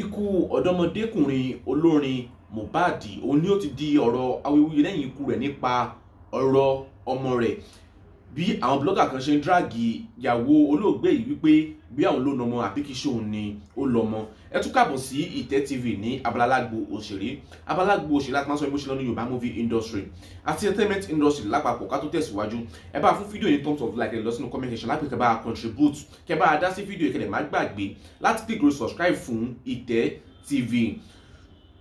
ikú ọ̀dọ́mọdékùnrin olórin Mohbad òun ni ó ti di ọ̀rọ̀ awuyewuye lẹ́yìn ikú rẹ̀ nípa ọ̀rọ̀ ọmọ rẹ̀ bí àwọn blogger kan ṣe ń dráàgì ìyàwó olóògbé yìí wípé bí àwọn ló nọmọ àbí kí ṣóun ni ó lọmọ ẹ tún kàbọ̀ sí ìtẹ́ tv ní abalálágbo òṣèré abalágbo òṣèré àti máṣọ́ ìmúṣẹ́ lọ́nà yorùbá movie industry àti entertainment industry lápapọ̀ ká tó tẹ̀síwájú ẹ bá fún fídíò yìí thumbs up like ẹ lọ sínú comment section lápẹ̀ kẹ́ bá contribute kẹ́ bá dá sí fídíò ìkẹlẹ̀ má gbàgbé láti click lórí subscribe fún ìtẹ́ tv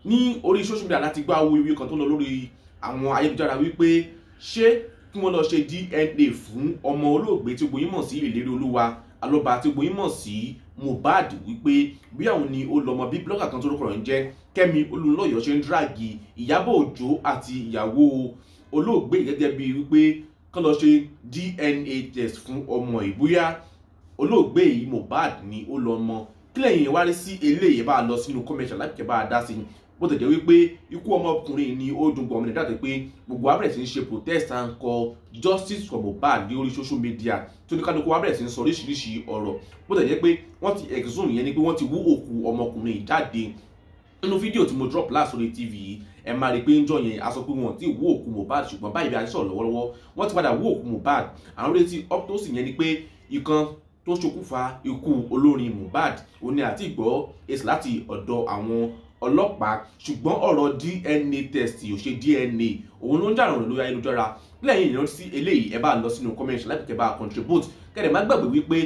ní orí social media láti gbá owó ìwé kan tó lọ lórí àwọn ayélujára wípé ṣé kí wọ́n lọ ṣe DNA fún ọmọ olóògbé tí gbóyin mọ̀ sí ìlérí olúwa alọ́ba tí gbóyin mọ̀ sí Mohbad wípé bí àwọn ni olọmọ bí blọ́gà kan tó lókọ̀ rẹ̀ ń jẹ́ Kẹ́mi Olúnlọ́yọ̀ ṣe ń díràgì Ìyábọ̀ Òjó àti ìyàwó olóògbé gẹ́gẹ́ bíi wípé kán lọ ṣe DNA test fún ọmọ ìbúyá olóògbé yìí Mohbad ni ó lọ́mọ kílẹ̀ yìí wá rí sí eléyìí bá lọ sínú kọ́mẹ́ṣà láti kẹ́ bá a dá sí i bó tẹ̀jẹ́ wípé ikú ọmọkùnrin ni ó dùn gbọ̀n mìíràn dàtẹ́ pé gbogbo abẹ́rẹ́ sí ń ṣe protest and call justice for Mohbad ní orí social media tó ní kálukú abẹ́rẹ́ sí ń sọ oríṣiríṣi ọ̀rọ̀ bó tẹ̀jẹ́ pé wọ́n ti exhume yẹn ni pé wọ́n ti wú òkú ọmọkùnrin jáde nínú fídíò tí mo drop last orí tv yìí ẹ máa rí i pé ń jọ yẹn a sọ pé wọn ti wú òkú Mohbad ṣùgbọ́n báyìí bí a ti sọ̀rọ̀ lọ́wọ́lọ́wọ́ wọ́n ti padà wú òkú Mohbad àwọn retí autopsy yẹn ni pé ìkan tó ṣokùnfà ikú olórin Mohbad òní àti ìgbọ́ èsì láti ọ̀dọ̀ àwọn ọlọ́pàá ṣùgbọ́n ọ̀rọ̀ DNA test yóò DNA òun ló ń jà rànlọ́ lórí ayélujára lẹ́yìn ìrántí sí eléyìí ẹ bá lọ sínú comment láti kẹ́ bá contribute kẹ́rẹ̀ má gbàgbé wípé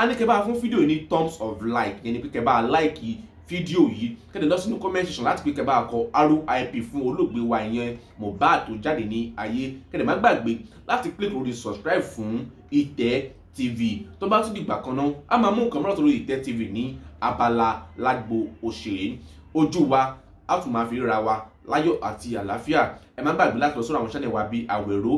a ní kẹ́ bá fún fídíò ní thumbs of like yẹn ni pé kẹ́ bá like fídíò yìí kẹ́rẹ̀ lọ sínú comment section láti pé kẹ́ bá kọ RIP fún olóògbé wa ìyẹn Mohbad tó jáde ní ayé kẹ́rẹ̀ má gbàgbé láti click lórí subscribe fún ìtẹ́ TV tó bá tún dìgbà kan náà a máa mú nǹkan mìíràn lórí ìtẹ́ TV ní abala lágbo òṣèré ojú wa a tún máa fi ríra wa láyọ̀ àti àlàáfíà ẹ má gbàgbé láti lọ sọ́rọ̀ àwọn channel wa bíi àwẹ̀rọ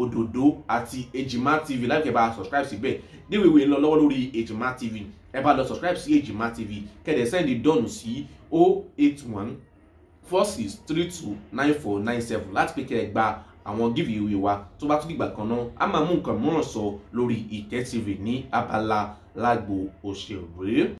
òdòdó àti ejima tv láti kẹ́ bá subscribe síbẹ̀ níwèé ìwé ń lọ lọ́wọ́ lórí ejima tv ẹ bá lọ subscribe sí ejima tv kẹ̀dẹ̀ sẹ́ndì dọ́nù sí 081 46 32 94 97 láti pé kẹ́ ẹ gba àwọn giveaway wa tó bá tún dìgbà kan náà a máa mú nǹkan mìíràn sọ lórí ìtẹ́ tv ní abala lágbo òṣèré